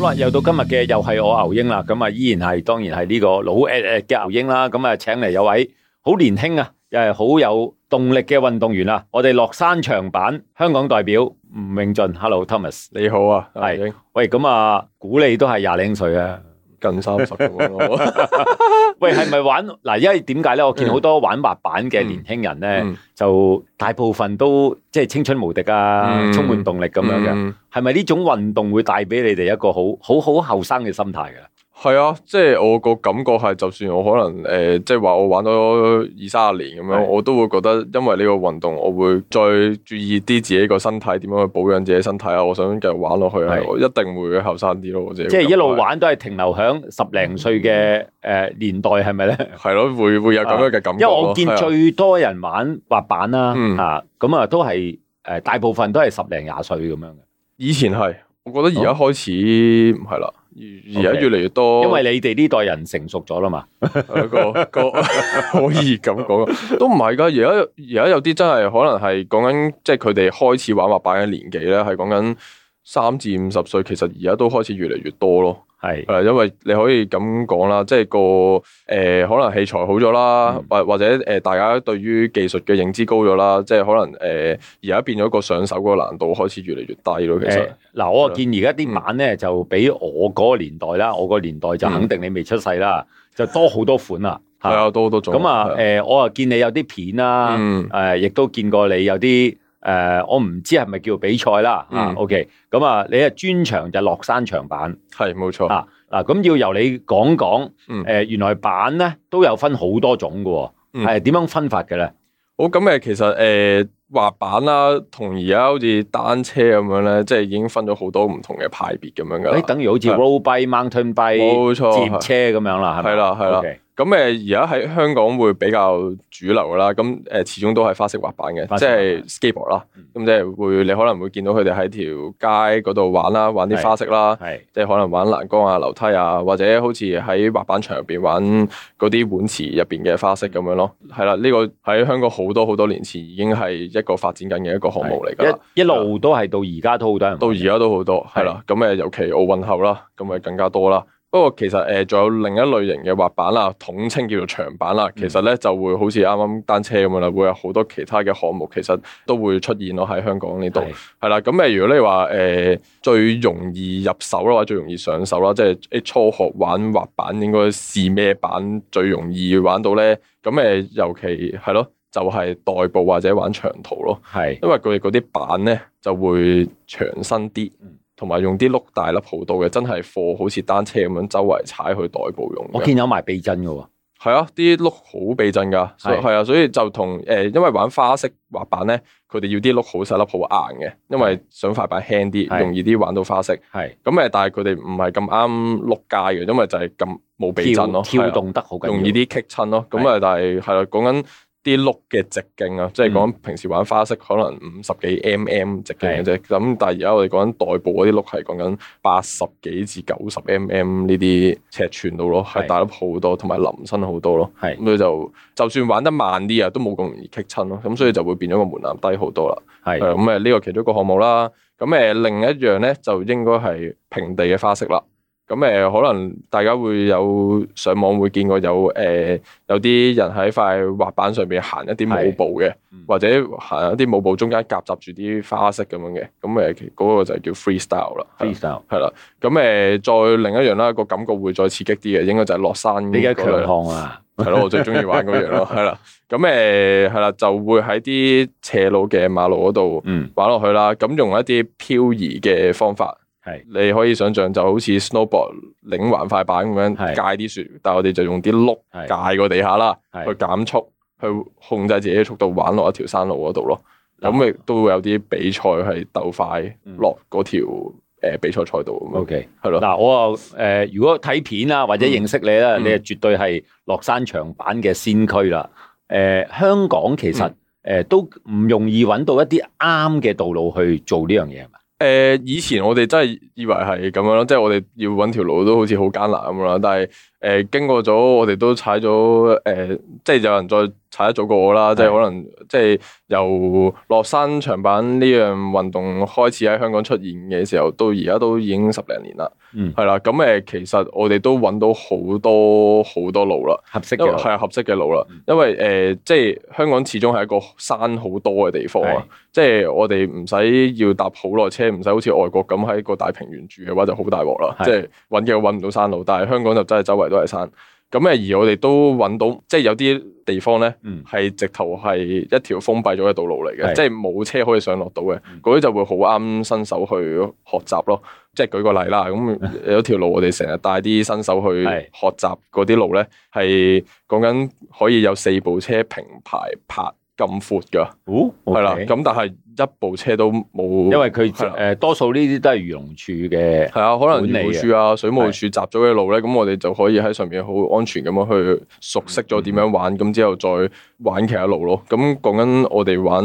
好啦，又到今日嘅又係我牛英啦，咁啊依然係當然係呢個老誒、呃、嘅、呃、牛英啦，咁啊請嚟有位好年輕啊，又係好有動力嘅運動員啦、啊。我哋落山長板香港代表吳永俊，Hello Thomas，你好啊，係，喂，咁啊估你都係廿零歲啊，近三十。 喂，係咪玩嗱？因為點解咧？我見好多玩滑板嘅年輕人咧，嗯、就大部分都即係、就是、青春無敵啊，嗯、充滿動力咁樣嘅。係咪呢種運動會帶俾你哋一個好好好後生嘅心態㗎？係啊，即係我個感覺係，就算我可能誒，即係話我玩咗二三十年咁樣，我都會覺得，因為呢個運動，我會再注意啲自己個身體，點樣去保養自己身體啊！我想繼續玩落去，係我一定會後生啲咯。即係一路玩都係停留喺十零歲嘅誒年代，係咪咧？係咯，會會有咁樣嘅感覺。因為我見最多人玩滑板啦啊，咁啊都係誒大部分都係十零廿歲咁樣嘅。以前係，我覺得而家開始係啦。而而家越嚟越多，因為你哋呢代人成熟咗啦嘛，個 個 可以咁講，都唔係噶。而家而家有啲真係可能係講緊，即係佢哋開始玩滑板嘅年紀咧，係講緊三至五十歲，其實而家都開始越嚟越多咯。係，誒，因為你可以咁講啦，即係個誒、呃，可能器材好咗啦，或、嗯、或者誒、呃，大家對於技術嘅認知高咗啦，即係可能誒，而、呃、家變咗個上手嗰個難度開始越嚟越低咯。呃、其實，嗱、呃，我見而家啲板咧就比我嗰個年代啦，我個年代就肯定你未出世啦，嗯、就多好多款啦。係啊， 多好多種。咁啊，誒的，我啊見你有啲片啦，誒、嗯啊，亦都見過你有啲。誒，我唔知係咪叫比賽啦。嗯，OK。咁啊，你啊專長就落山長板。係，冇錯。啊，嗱，咁要由你講講。誒，原來板咧都有分好多種嘅。嗯。係點樣分法嘅咧？好，咁誒，其實誒滑板啦，同而家好似單車咁樣咧，即係已經分咗好多唔同嘅派別咁樣噶。誒，等於好似 r o a b i e mountain b i 冇錯。接車咁樣啦，係啦，係啦。咁誒，而家喺香港會比較主流啦，咁誒始終都係花式滑板嘅，板即係 skateboard 啦、嗯，咁即係會你可能會見到佢哋喺條街嗰度玩啦，玩啲花式啦，嗯、即係可能玩欄杆啊、樓梯啊，或者好似喺滑板場入邊玩嗰啲碗池入邊嘅花式咁樣咯。係啦、嗯，呢、這個喺香港好多好多年前已經係一個發展緊嘅一個項目嚟噶，一路都係的到而家都好多人，到而家都好多，係啦的。咁誒，尤其奧運後啦，咁咪更加多啦。不過其實誒，仲有另一類型嘅滑板啦，統稱叫做長板啦。其實咧就會好似啱啱單車咁樣啦，會有好多其他嘅項目，其實都會出現咯喺香港呢度。係啦的，咁誒，如果你話誒、呃、最容易入手嘅話，或者最容易上手啦，即係初學玩滑板應該試咩板最容易玩到咧？咁誒，尤其係咯，就係、是、代步或者玩長途咯。係的，因為佢哋嗰啲板咧就會長身啲。同埋用啲碌大粒好多嘅，真係貨好似單車咁樣周圍踩去代步用。我見有埋避震嘅喎，係啊，啲碌好避震噶，係是啊，所以就同誒、呃，因為玩花式滑板咧，佢哋要啲碌好細粒好硬嘅，因為想塊板輕啲，是容易啲玩到花式。係咁誒，但係佢哋唔係咁啱碌街嘅，因為就係咁冇避震咯，跳動得好、啊，容易啲棘親咯。咁誒是，但係係咯，講緊、啊。啲碌嘅直徑啊，即係講平時玩花式可能五十幾 mm 直徑嘅啫，咁的但係而家我哋講緊代步嗰啲碌係講緊八十幾至九十 mm 呢啲尺寸度咯，係的大咗好多，同埋腍身好多咯，咁佢的就就算玩得慢啲啊，都冇咁容易棘親咯，咁所以就會變咗個門檻低好多啦。係咁誒，呢、嗯這個其中一個項目啦，咁誒、呃、另一樣咧就應該係平地嘅花式啦。咁誒、嗯，可能大家會有上網會見過有誒、呃，有啲人喺塊滑板上面行一啲舞步嘅，嗯、或者行一啲舞步中間夾雜住啲花式咁樣嘅，咁誒嗰個就係叫 freestyle 啦。freestyle 係啦，咁誒的的再另一樣啦，個感覺會再刺激啲嘅，應該就係落山。你嘅強項啊，係咯，我最鍾意玩嗰樣咯，係啦， 咁誒係啦，就會喺啲斜路嘅馬路嗰度玩落去啦，咁、嗯、用一啲漂移嘅方法。係，是你可以想象，就好似 snowboard 領橫塊板咁樣界啲雪，是但係我哋就用啲碌界個地下啦，去減速，是去控制自己嘅速度，玩落一條山路嗰度咯。咁咪都會有啲比賽係鬥快落嗰條誒比賽賽道咁啊。係咯，嗱，我啊誒，如果睇片啦或者認識你咧，嗯、你係絕對係落山長板嘅先驅啦。誒、呃，香港其實誒、嗯呃、都唔容易揾到一啲啱嘅道路去做呢樣嘢啊嘛。誒、呃，以前我哋真係以為係咁樣咯，即係我哋要搵條路都好似好艱難咁樣，但係，誒、呃，經過咗我哋都踩咗，誒、呃，即係有人再踩得早過我啦，的即係可能即係由落山長板呢樣運動開始喺香港出現嘅時候，到而家都已經十零年啦。嗯，係啦，咁誒，其實我哋都揾到好多好多路啦，合適嘅係合適嘅路啦，嗯、因為誒、呃，即係香港始終係一個山好多嘅地方啊，的即係我哋唔使要搭好耐車，唔使好似外國咁喺個大平原住嘅話就好大鑊啦。即係揾嘢揾唔到山路，但係香港就真係周圍，都係山，咁誒而我哋都揾到，即係有啲地方咧，係直頭係一條封閉咗嘅道路嚟嘅，嗯、即係冇車可以上落到嘅，嗰啲、嗯、就會好啱新手去學習咯。即係舉個例啦，咁有一條路我哋成日帶啲新手去學習嗰啲路咧，係講緊可以有四部車平排拍咁闊噶，係啦、哦，咁、Okay. 但係。一部車都冇，因為佢誒，多數呢啲都係漁農處嘅，係啊，可能漁農處啊、水務處閘咗嘅路咧，咁我哋就可以喺上面好安全咁樣去熟悉咗點樣玩，咁之後再玩其他路咯。咁講緊我哋玩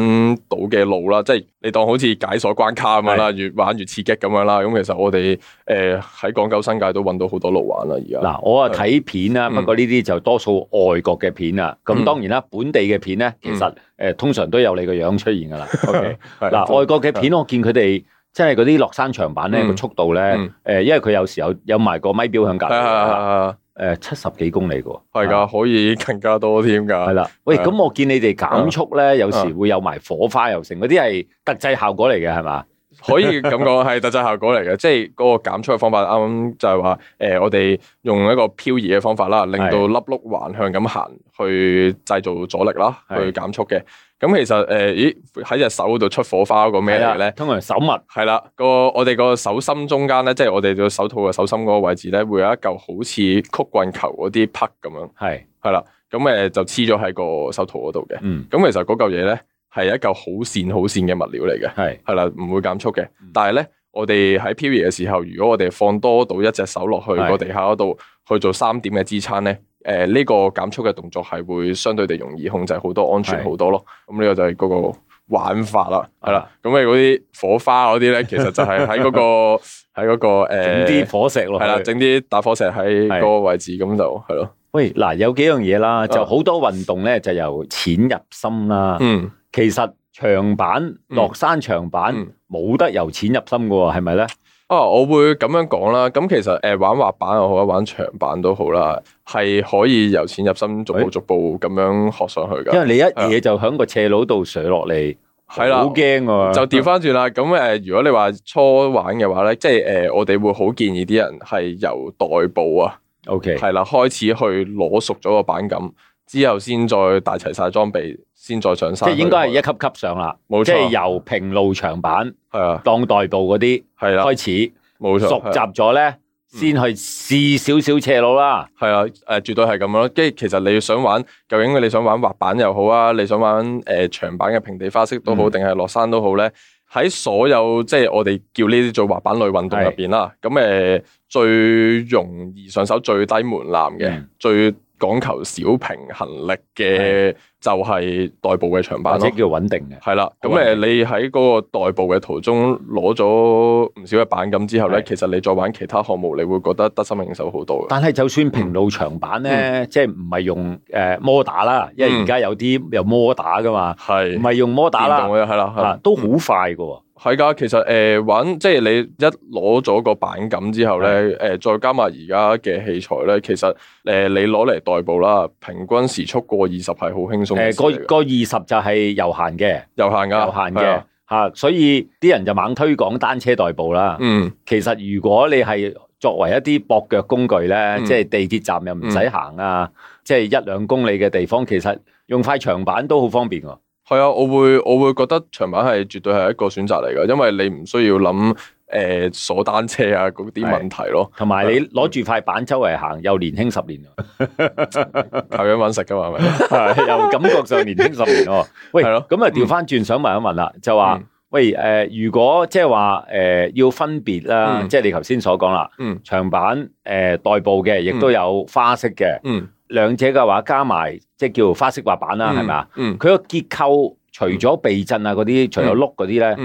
島嘅路啦，即係你當好似解鎖關卡咁樣啦，越玩越刺激咁樣啦。咁其實我哋誒喺港九新界都搵到好多路玩啦。而家嗱，我啊睇片啦，不過呢啲就多數外國嘅片啊。咁當然啦，本地嘅片咧，其實。誒通常都有你個樣出現㗎啦。OK，嗱外國嘅片，我見佢哋即係嗰啲落山長板咧，個速度咧，誒因為佢有時有有埋個咪錶喺隔離，誒七十幾公里嘅喎，係㗎，可以更加多添㗎。係啦，喂，咁我見你哋減速咧，有時會有埋火花又成，嗰啲係特製效果嚟嘅係嘛？ 可以咁講係特製效果嚟嘅，即係嗰個減速嘅方法啱啱就係話誒，我哋用一個漂移嘅方法啦，令到粒碌橫向咁行去製造阻力啦，去減速嘅。咁是的 其實誒、呃，咦喺隻手度出火花個咩嚟咧？通常手襪係啦，嗰個我哋個手心中間咧，即係我哋個手套嘅手心嗰個位置咧，會有一嚿好似曲棍球嗰啲 puck 咁樣係係啦。咁誒的就黐咗喺個手套嗰度嘅。嗯，咁其實嗰嚿嘢咧。係一嚿好線好線嘅物料嚟嘅，係係啦，唔會減速嘅。但係咧，我哋喺漂移嘅時候，如果我哋放多到一隻手落去個的地下嗰度去做三點嘅支撐咧，誒、呃、呢、這個減速嘅動作係會相對地容易控制好多，安全好多咯。咁、這、呢個就係嗰個玩法啦，係啦的。咁誒的，嗰啲火花嗰啲咧，其實就係喺嗰個喺個誒，整啲火石咯，係啦，整啲打火石喺個位置，咁的、嗯、就係咯。喂，嗱，有幾樣嘢啦，就好多運動咧，就由淺入深啦，嗯，嗯。其實長板、落山長板冇、嗯嗯、得由淺入深噶喎，係咪咧？哦、啊，我會咁樣講啦。咁其實誒，玩滑板又好，玩長板都好啦，係可以由淺入深，逐步逐步咁、欸、樣學上去噶。因為你一嘢的就喺個斜佬度上落嚟，係啦，好驚啊！就掉翻轉啦。咁誒，的對如果你話初玩嘅話咧，即係誒，我哋會好建議啲人係由代步啊，OK，係啦，開始去攞熟咗個板感，之後先再帶齊晒裝備，先再上山，即係應該係一級級上啦，冇錯，即係由平路長板係啊，當代步嗰啲係啦，啊、開始冇錯，熟習咗咧，先去試少少斜路啦，係啊，誒、呃、絕對係咁咯。跟住其實你想玩，究竟你想玩滑板又好啊，你想玩誒、呃、長板嘅平地花式都好，定係落山都好咧？喺所有即係我哋叫呢啲做滑板類運動入邊啦，咁誒、嗯嗯、最容易上手、最低門檻嘅、嗯、最講求小平衡力嘅就係代步嘅長板，或者叫穩定嘅係啦。咁誒了，你喺嗰個代步嘅途中攞咗唔少嘅板，咁之後咧，的其實你再玩其他項目，你會覺得得心應手好多嘅。但係就算平路長板咧，嗯、即係唔係用誒、呃、摩打啦，因為而家有啲有摩打噶嘛，係唔係用摩打啦？係啦的，嗯、都好快嘅。係噶，其實誒、呃、玩即係你一攞咗個板咁之後咧，誒、呃、再加埋而家嘅器材咧，其實誒、呃、你攞嚟代步啦，平均時速過二十係好輕鬆。誒、呃那個二十就係悠閒嘅，悠閒噶，悠閒嘅吓，的的所以啲人就猛推廣單車代步啦。嗯，其實如果你係作為一啲駁腳工具咧，嗯、即係地鐵站又唔使行啊，即係一兩公里嘅地方，其實用塊長板都好方便啊。係啊，我會我會覺得長板係絕對係一個選擇嚟噶，因為你唔需要諗誒鎖單車啊嗰啲問題咯，同埋你攞住塊板周圍行又年輕十年啊，靠樣揾食噶嘛係咪？又感覺上年輕十年咯。 的喂，係咯，咁啊調翻轉想問一問啦，的嗯、就話喂誒、呃，如果即係話誒要分別啦，嗯、即係你頭先所講啦，嗯，長板誒、呃呃、代步嘅，亦都有花式嘅、嗯，嗯。嗯兩者嘅話加埋，即係叫花式滑板啦，係咪啊？嗯，佢個結構除咗避震啊，嗰啲、嗯、除咗碌嗰啲咧，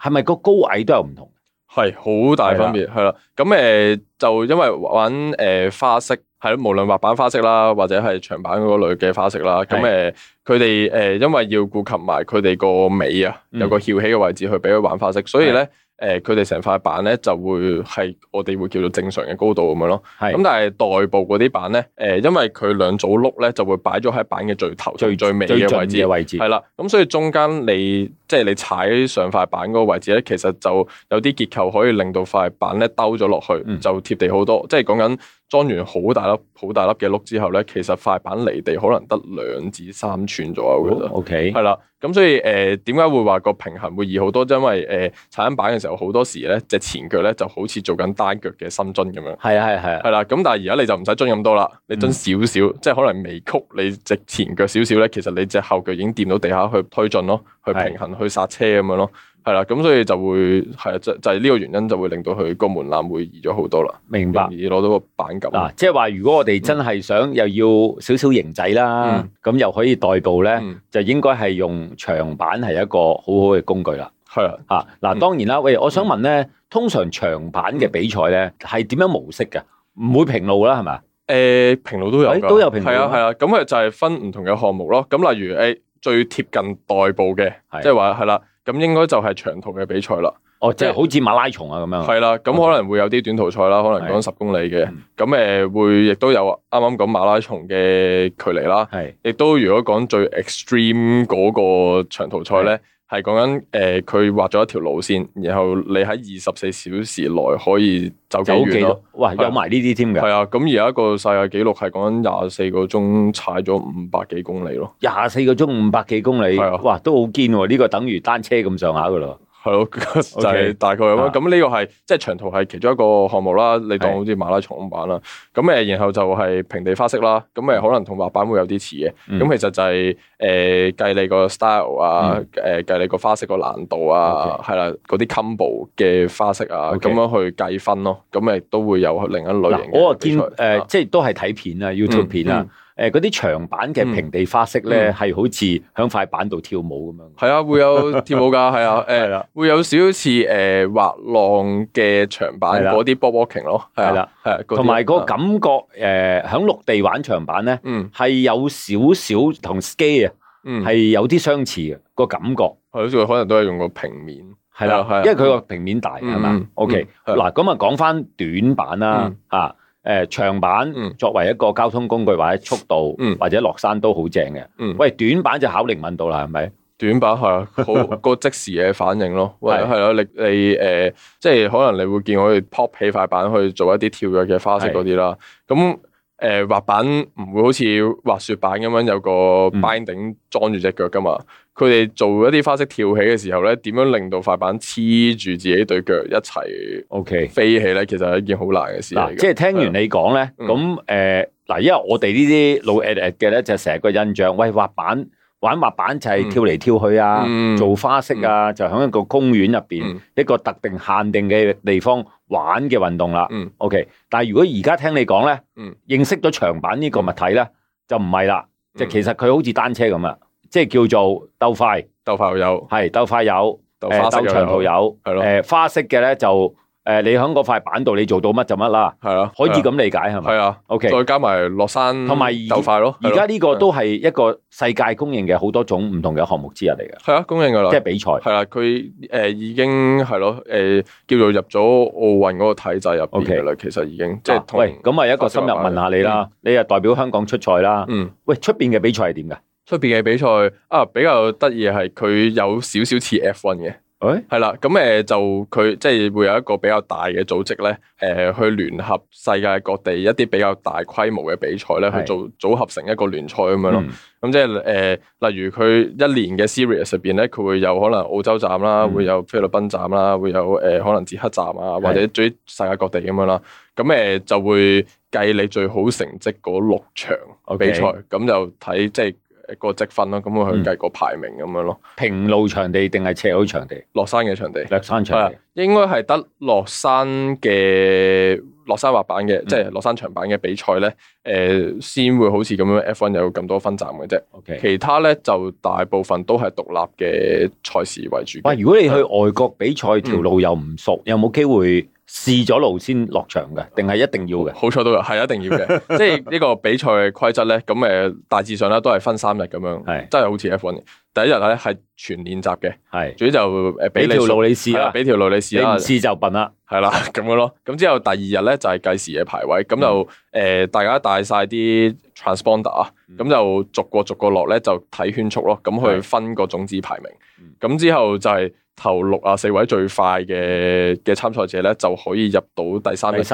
係咪、嗯、個高矮都有唔同？係好大分別，係啦的。咁誒、呃、就因為玩誒、呃、花式，係咯，無論滑板花式啦，或者係長板嗰類嘅花式啦，咁誒佢哋誒因為要顧及埋佢哋個尾啊，有個翹起嘅位置去俾佢玩花式，所以咧。的誒佢哋成塊板咧就會係我哋會叫做正常嘅高度咁樣咯，咁係但係代步嗰啲板咧，誒、呃、因為佢兩組碌咧就會擺咗喺板嘅最頭同最尾嘅位置，係啦，咁所以中間你即係、即係、你踩上塊板嗰個位置咧，其實就有啲結構可以令到塊板咧兜咗落去，嗯、就貼地好多，即係講緊。裝完好大粒好大粒嘅碌之後咧，其實塊板離地可能得兩至三寸左右，覺得、哦、OK。係啦，咁所以誒點解會話個平衡會易好多？因為誒踩緊板嘅時候，好多時咧隻前腳咧就好似做緊單腳嘅深蹲咁樣。係啊係啊係啊。係啦，咁但係而家你就唔使蹲咁多啦，你蹲少少，嗯、即係可能微曲你隻前腳少少咧，其實你隻後腳已經掂到地下去推進咯，去平衡的去剎車咁樣咯。係啦，咁所以就會係就就係呢個原因，就會令到佢個門檻會移咗好多啦。明白，易攞到個板咁。嗱，即係話如果我哋真係想又要少少型仔啦，咁、嗯、又可以代步咧，嗯、就應該係用長板係一個好好嘅工具啦。係了啊，吓嗱，當然啦，喂，我想問咧，嗯、通常長板嘅比賽咧係點樣模式嘅？唔會平路啦，係咪？誒、欸，平路都有、欸，都有平路，係啊，係啊。咁啊，就係分唔同嘅項目咯。咁例如誒，最貼近代步嘅，即係話係啦。寫上咁應該就係長途嘅比賽啦。哦，即係好似馬拉松啊咁樣。係啦，咁 可能會有啲短途賽啦，可能講十公里嘅。咁誒的、呃、會亦都有啱啱講馬拉松嘅距離啦。係的。亦都如果講最 extreme 嗰個長途賽咧，係講緊誒，佢畫咗一條路線，然後你喺二十四小時內可以走幾遠咯？哇，有埋呢啲添嘅。係啊，咁而家個世界紀錄係講緊廿四個鐘踩咗五百幾公里咯。廿四個鐘五百幾公里，啊、哇，都好堅喎！呢、個等於單車咁上下噶啦。係咯，就係大概咁樣。咁呢個係即係長途係其中一個項目啦，你當好似馬拉松咁板啦。咁誒，然後就係平地花式啦。咁誒，可能同滑板會有啲似嘅。咁其實就係誒計你個 style 啊，誒計你個花式個難度啊，係啦，嗰啲 combo 嘅花式啊，咁樣去計分咯。咁誒都會有另一類型。嗱，我又見誒，即係都係睇片啊，YouTube 片啊。誒嗰啲長板嘅平地花式咧，係好似喺塊板度跳舞咁樣。係啊，會有跳舞噶，係啊，誒會有少少似誒滑浪嘅長板嗰啲 board walking 咯，係啦，係。同埋個感覺誒，喺陸地玩長板咧，係有少少同 ski 啊，係有啲相似嘅個感覺。係好似可能都係用個平面，係啦，係，因為佢個平面大係嘛。OK，嗱咁啊，講翻短板啦，嚇。誒、呃、長板作為一個交通工具或者速度、嗯、或者落山都好正嘅，嗯、喂短板就考靈敏度啦，係咪？短板係啊，好個 即時嘅反應咯，係係啦，你你誒、呃，即係可能你會見我哋 pop 起塊板去做一啲跳躍嘅花式嗰啲啦，咁的。誒、呃、滑板唔會好似滑雪板咁樣有個 binding 裝住隻腳㗎嘛？佢哋、嗯、做一啲花式跳起嘅時候咧，點樣令到塊板黐住自己對腳一齊 OK 飛起咧？Okay，其實係一件好難嘅事、啊、即係聽完你講咧，咁誒嗱，因為我哋呢啲老 edit 嘅咧，就成日個印象，喂滑板。玩滑板就係跳嚟跳去啊，做花式啊，就喺一個公園入邊一個特定限定嘅地方玩嘅運動啦。OK，但係如果而家聽你講咧，認識咗長板呢個物體咧，就唔係啦，就其實佢好似單車咁啊，即係叫做鬥快，鬥快有，係鬥快有，誒，鬥長途有，係咯，誒，花式嘅咧就。誒，你喺嗰塊板度，你做到乜就乜啦，係咯，可以咁理解係咪？係啊，OK，再加埋落山同埋鬥快咯。而家呢個都係一個世界公認嘅好多種唔同嘅項目之一嚟嘅。係啊，公認㗎啦。即係比賽係啊，佢誒已經係咯，誒叫做入咗奧運嗰個體制入邊嘅啦。其實已經即係喂，咁啊一個深入問下你啦，你又代表香港出賽啦。嗯，喂，出邊嘅比賽係點嘅？出邊嘅比賽啊，比較得意係佢有少少似 F1 嘅。誒，係啦，咁、嗯、誒、嗯呃、就佢即係會有一個比較大嘅組織咧，誒、呃、去聯合世界各地一啲比較大規模嘅比賽咧，去做組合成一個聯賽咁樣咯。咁即係誒，例如佢一年嘅 series 入邊咧，佢會有可能澳洲站啦，嗯、會有菲律賓站啦，會有誒、呃、可能捷克站啊，或者最世界各地咁樣啦。咁誒、呃、就會計你最好成績嗰六場比賽，咁、嗯、就睇即係。一個積分咯，咁佢去計個排名咁樣咯。嗯、平路場地定係斜口場地？落山嘅場地。落山場地應該係得落山嘅落山滑板嘅，嗯、即係落山長板嘅比賽咧。誒、呃，先會好似咁樣 F1 有咁多分站嘅啫。Okay. 其他咧就大部分都係獨立嘅賽事為主。哇！如果你去外國比賽，嗯、條路又唔熟，有冇機會？試咗路先落場嘅，定係一定要嘅？好彩都有，係一定要嘅。即係呢個比賽嘅規則咧，咁誒大致上咧都係分三日咁樣。係真係好似 F1。第一日咧係全練習嘅，係。主要就誒俾條路你試啦，俾條路你試啦。試就笨啦，係啦咁樣咯。咁之後第二日咧就係計時嘅排位，咁就誒大家帶晒啲 transponder 啊，咁就逐個逐個落咧就睇圈速咯，咁去分個種子排名。咁之後就係。頭六啊四位最快嘅嘅參賽者咧，就可以入到第三日決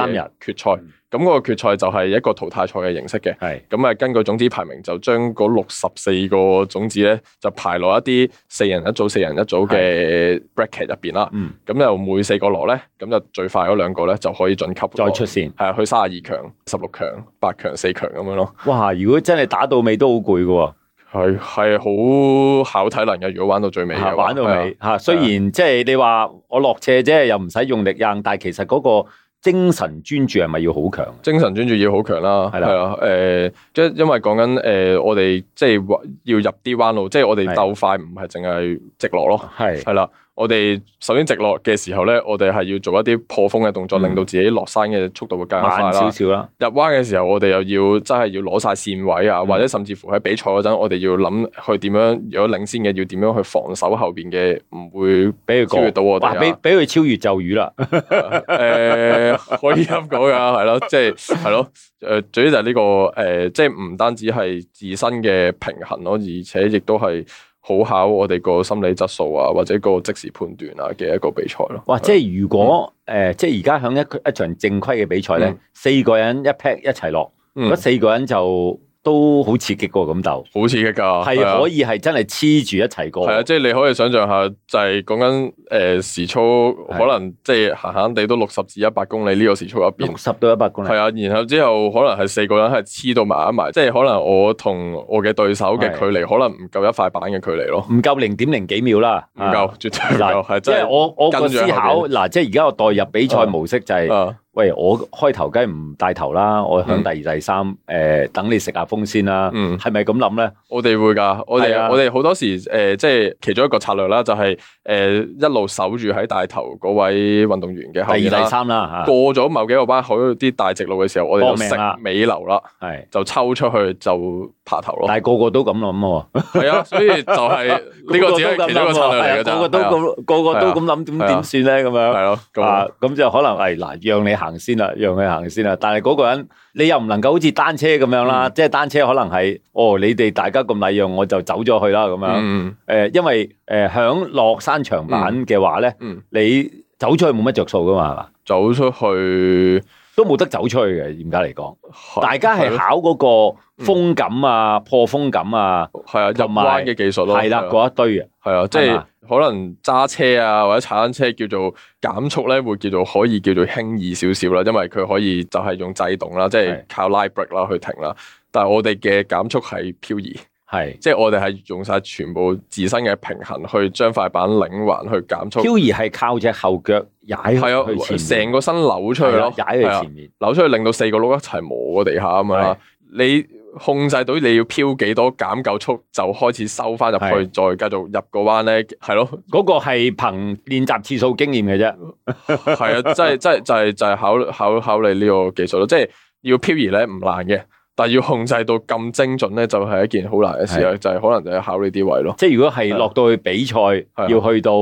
賽。咁嗰個決賽就係一個淘汰賽嘅形式嘅。係咁啊，根據總資種子排名就將嗰六十四個種子咧，就排落一啲四人一組、四人一組嘅 bracket 入邊啦。咁就、嗯、每四個羅咧，咁就最快嗰兩個咧就可以晉級。再出線係啊，去三十二強、十六強、八強、四強咁樣咯。哇！如果真係打到尾都好攰噶。係係好考體能嘅，如果玩到最尾玩到尾吓。啊、雖然即係你話我落斜啫，又唔使用，用力蹬，但係其實嗰個精神專注係咪要好強？精神專注要好強啦，係啦、啊，誒、啊，即、呃、係因為講緊誒，我哋即係要入啲彎路，即係、啊、我哋鬥快唔係淨係直落咯，係係啦。我哋首先直落嘅時候咧，我哋係要做一啲破風嘅動作，令到自己落山嘅速度會加快少少啦。點點入彎嘅時候，我哋又要真係要攞晒線位啊，嗯、或者甚至乎喺比賽嗰陣，我哋要諗去點樣，如果領先嘅要點樣去防守後邊嘅，唔會俾佢超越到啊！俾俾佢超越咒語啦。誒、 嗯呃，可以咁講噶，係咯，即係係咯。誒、呃，主要就呢、這個誒，即係唔單止係自身嘅平衡咯，而且亦都係。好考我哋個心理質素啊，或者個即時判斷啊嘅一個比賽咯、啊。哇！即係如果誒、嗯呃，即係而家響一一場正規嘅比賽咧，嗯、四個人一 pat 一齊落，嗰、嗯、四個人就，都好刺激過咁就好刺激噶，係可以係真係黐住一齊過。係啊，即係你可以想象下，就係講緊誒時速，可能即係閒閒地都六十至一百公里呢個時速入邊，六十到一百公里。係啊，然後之後可能係四個人係黐到埋一埋，即係可能我同我嘅對手嘅距離可能唔夠一塊板嘅距離咯，唔夠零點零幾秒啦，唔夠絕對，係即係我我個思考，嗱，即係而家我代入比賽模式就係。喂，我開頭梗係唔帶頭啦，我響第二、第三，誒等你食下風先啦。嗯，係咪咁諗咧？我哋會㗎，我哋我哋好多時誒，即係其中一個策略啦，就係誒一路守住喺大頭嗰位運動員嘅後啦。第二、第三啦，過咗某幾個班，喺啲大直路嘅時候，我哋就食尾流啦，係就抽出去就爬頭咯。但係個個都咁諗喎，係啊，所以就係呢個只係咁諗，係個個都咁，個個都咁諗，點點算咧？咁樣係咯，啊咁就可能係嗱，讓你。行先啦，讓佢行先啦。但係嗰個人，你又唔能夠好似單車咁樣啦，嗯、即係單車可能係哦，你哋大家咁禮讓，我就走咗去啦咁樣。誒、嗯，因為誒響落山長板嘅話咧，嗯嗯、你走出去冇乜着數噶嘛，走出去。都冇得走出去嘅，嚴格嚟講，是大家係考嗰個風感啊、嗯、破風感啊，係啊有入彎嘅技術咯、啊，係啦、啊，嗰、啊、一堆嘅，係啊，吧即係可能揸車啊或者踩單車叫做減速咧，會叫做可以叫做輕易少少啦，因為佢可以就係用制動啦，即係靠拉 brake 啦去停啦，的但係我哋嘅減速係漂移。係，是即係我哋係用晒全部自身嘅平衡去將塊板擰橫去減速。漂移係靠隻後腳踩去，係啊，成個身扭出去咯，踩喺、啊、前面、啊，扭出去令到四個轆一齊磨個地下啊嘛。是你控制到你要漂幾多，減夠速就開始收翻入去，是再繼續入個彎咧。係咯，嗰個係憑練習次數經驗嘅啫。係啊，即係即係就係、是、就係、是就是就是、考慮考考你呢個技術咯。即、就、係、是、要漂移咧，唔難嘅。但要控制到咁精準咧，就係一件好難嘅事啊！就係可能就要考呢啲位咯。即係如果係落到去比賽，要去到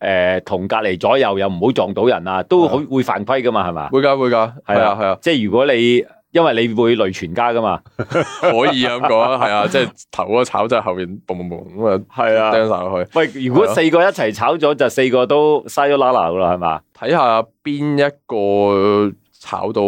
誒同隔籬左右又唔好撞到人啊，都好會犯規噶嘛，係嘛？會噶會噶。係啊係啊，即係如果你因為你會累全家噶嘛，可以咁講。係啊，即係頭嗰炒就後邊 boom boom boom 咁啊，掟晒落去。喂，如果四個一齊炒咗，就四個都嘥咗拉拉噶啦，係嘛？睇下邊一個炒到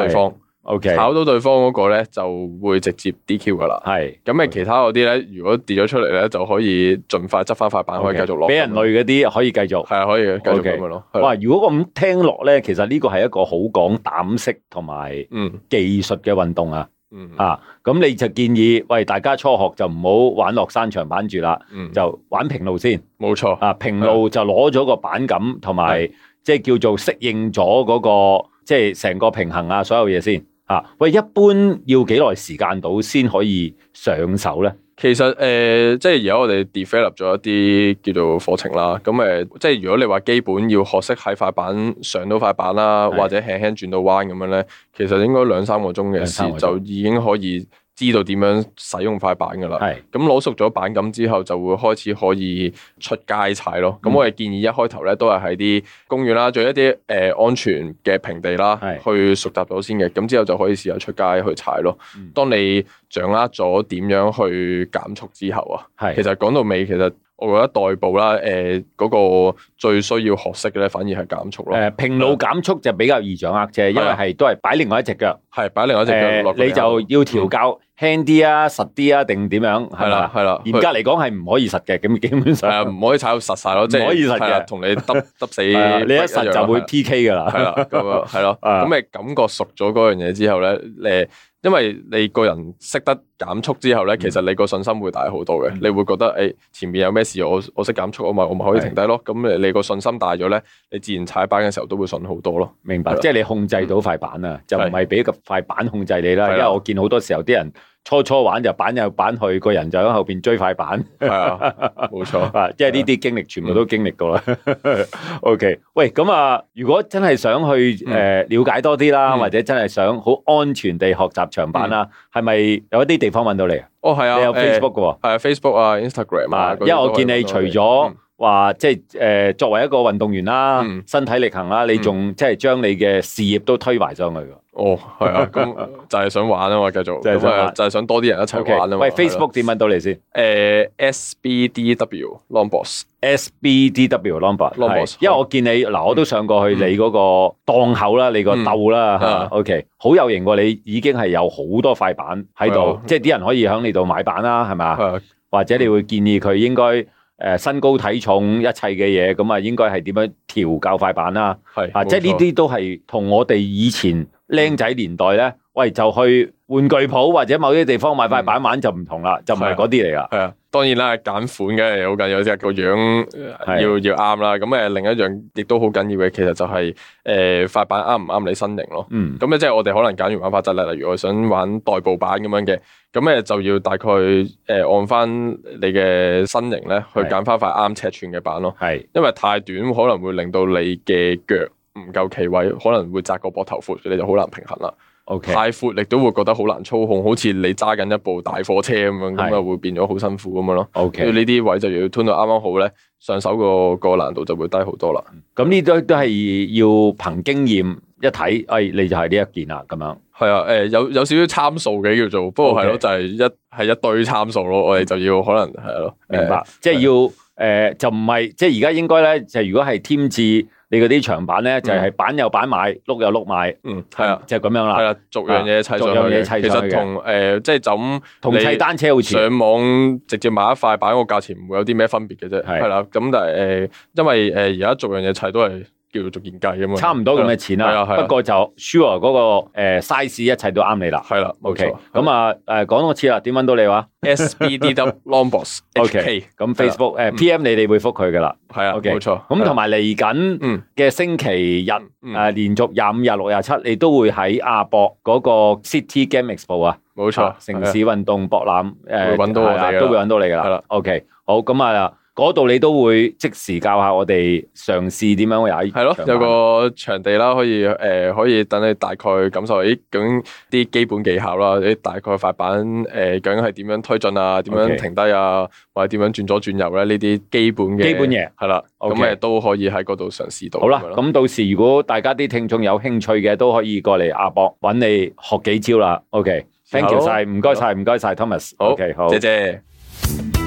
對方。O K，靠到對方嗰個咧就會直接 D Q 噶啦。係咁咪其他嗰啲咧，如果跌咗出嚟咧，就可以盡快執翻塊板，可以繼續攞俾、okay, 人類嗰啲可以繼續。係啊、嗯，可以 O K。哇，okay, 的如果咁聽落咧，其實呢個係一個好講膽識同埋技術嘅運動、嗯、啊。嗯。啊，咁你就建議喂大家初學就唔好玩落山長板住啦。嗯、就玩平路先。冇錯錯。啊，平路就攞咗個板感同埋，即係叫做適應咗嗰、那個，即係成個平衡啊，所有嘢先。啊喂，一般要幾耐時間到先可以上手咧？其實誒、呃，即係而家我哋 develop 咗一啲叫做課程啦。咁誒，即係如果你話基本要學識喺塊板上到塊板啦，的或者輕輕轉到彎咁樣咧，其實應該兩三個鐘嘅時間就已經可以。知道點樣使用塊板嘅啦，係咁攞熟咗板感之後，就會開始可以出街踩咯。咁、嗯、我哋建議一開頭咧，都係喺啲公園啦，仲有一啲誒、呃、安全嘅平地啦，的去熟習咗先嘅。咁之後就可以試下出街去踩咯。嗯、當你掌握咗點樣去減速之後啊，係的其實講到尾其實。我覺得代步啦，誒嗰個最需要學識嘅咧，反而係減速咯。誒平路減速就比較易掌握啫，因為係都係擺另外一隻腳。係擺另外一隻腳落。誒你就要調教輕啲啊、實啲啊，定點樣？係啦，係啦。嚴格嚟講係唔可以實嘅，咁基本上。係啊，唔可以踩到實晒咯，即係唔可以實嘅，同你揼揼死。你一實就會 P K 噶啦，係啦，係咯。咁咪感覺熟咗嗰樣嘢之後咧，誒。因為你個人識得減速之後咧，嗯、其實你個信心會大好多嘅，嗯、你會覺得誒、哎，前面有咩事我我識減速啊嘛，我咪可以停低咯。咁是的 你你個信心大咗咧，你自然踩板嘅時候都會順好多咯。明白，的即係你控制到塊板啊，嗯、就唔係俾個塊板控制你啦。是的 因為我見好多時候啲人。初初玩就板入板去，個人就喺後邊追快板，係啊，冇錯，啊，即係呢啲經歷全部都經歷過啦。嗯、 OK，喂，咁啊，如果真係想去誒了解多啲啦，嗯、或者真係想好安全地學習長板啦，係咪、嗯、有一啲地方搵到你哦，係啊，你有 Facebook 嘅喎，係、欸、啊，Facebook 啊，Instagram 啊，啊因為我見你除咗、嗯。話即係誒，作為一個運動員啦，身體力行啦，你仲即係將你嘅事業都推埋上去㗎。哦，係啊，咁就係想玩啊嘛，繼續就係就係想多啲人一齊玩啊嘛。喂，Facebook 點問到你先？誒，S B D W Lombos，S B D W Lombos，因為我見你嗱，我都上過去你嗰個檔口啦，你個斗啦，OK，好有型過你，已經係有好多塊板喺度，即係啲人可以喺你度買板啦，係咪？或者你會建議佢應該？呃、身高體重一切嘅嘢，咁啊應該係點樣調教塊板啦？是啊，錯即係呢啲都係同我哋以前靚仔年代呢。喂，就去玩具鋪或者某啲地方買塊板玩，嗯、就唔同啦，嗯、就唔係嗰啲嚟噶。係、嗯、啊，當然，當然是啦，揀款嘅，好緊要，即係個樣要要啱啦。咁誒，另一樣亦都好緊要嘅，其實就係誒塊板啱唔啱你身形咯。嗯，咁咧即係我哋可能揀完玩法就係，例如我想玩代步板咁樣嘅，咁誒就要大概誒按翻你嘅身形咧去揀翻塊啱尺寸嘅板咯。係是，因為太短可能會令到你嘅腳唔夠企位，可能會扎個膊頭闊，你就好難平衡啦。Okay. 太闊，力都會覺得好難操控，好似你揸緊一部大貨車咁樣，咁啊是會變咗好辛苦咁樣咯。咁呢啲位就要吞到啱啱好咧，上手個個難度就會低好多啦。咁呢、嗯、都都係要憑經驗一睇，哎，你就係呢一件啊咁樣。係啊，誒，有有少少參數嘅叫做，不過係咯，就係 Okay. 一係一堆參數咯，我哋就要可能係咯。啊、明白，呃、即係要誒、呃，就唔係，即係而家應該咧，就如果係添置。你嗰啲長板咧，就係板有板買，嗯、碌有碌買，嗯，係啊，就咁樣啦，係啊，的逐樣嘢砌，逐樣嘢砌。其實同誒即係就同砌單車好似，上網直接買一塊板，個價錢唔會有啲咩分別嘅啫？係啦的，咁但係誒、呃，因為誒而家逐樣嘢砌都係。叫做逐件計咁啊，差唔多咁嘅錢啦。不過就 sure 嗰個 size 一切都啱你啦。係啦，OK，咁啊誒講多次啦，點揾到你話？S B D W Longboards。OK，咁 Facebook 誒 P M 你哋會覆佢噶啦。係啊，冇錯。咁同埋嚟緊嘅星期日誒連續廿五、廿六、廿七，你都會喺亞博嗰個 City Games Expo 啊。冇錯，城市運動博覽誒，揾到我都會揾到你噶啦。係啦，OK。好，咁啊。嗰度你都會即時教下我哋嘗試點樣呀？係咯，有個場地啦，可以誒、呃，可以等你大概感受究竟啲基本技巧啦，啲大概塊板誒，究竟係點樣推進啊？點樣停低啊？Okay. 或者點樣轉左轉右咧？呢啲基本嘅基本嘢係啦，咁誒、okay. 都可以喺嗰度嘗試到。好啦，咁到時如果大家啲聽眾有興趣嘅，都可以過嚟亞博揾你學幾招啦。OK，thank you 曬，唔該晒，唔該晒，Thomas。好，謝謝。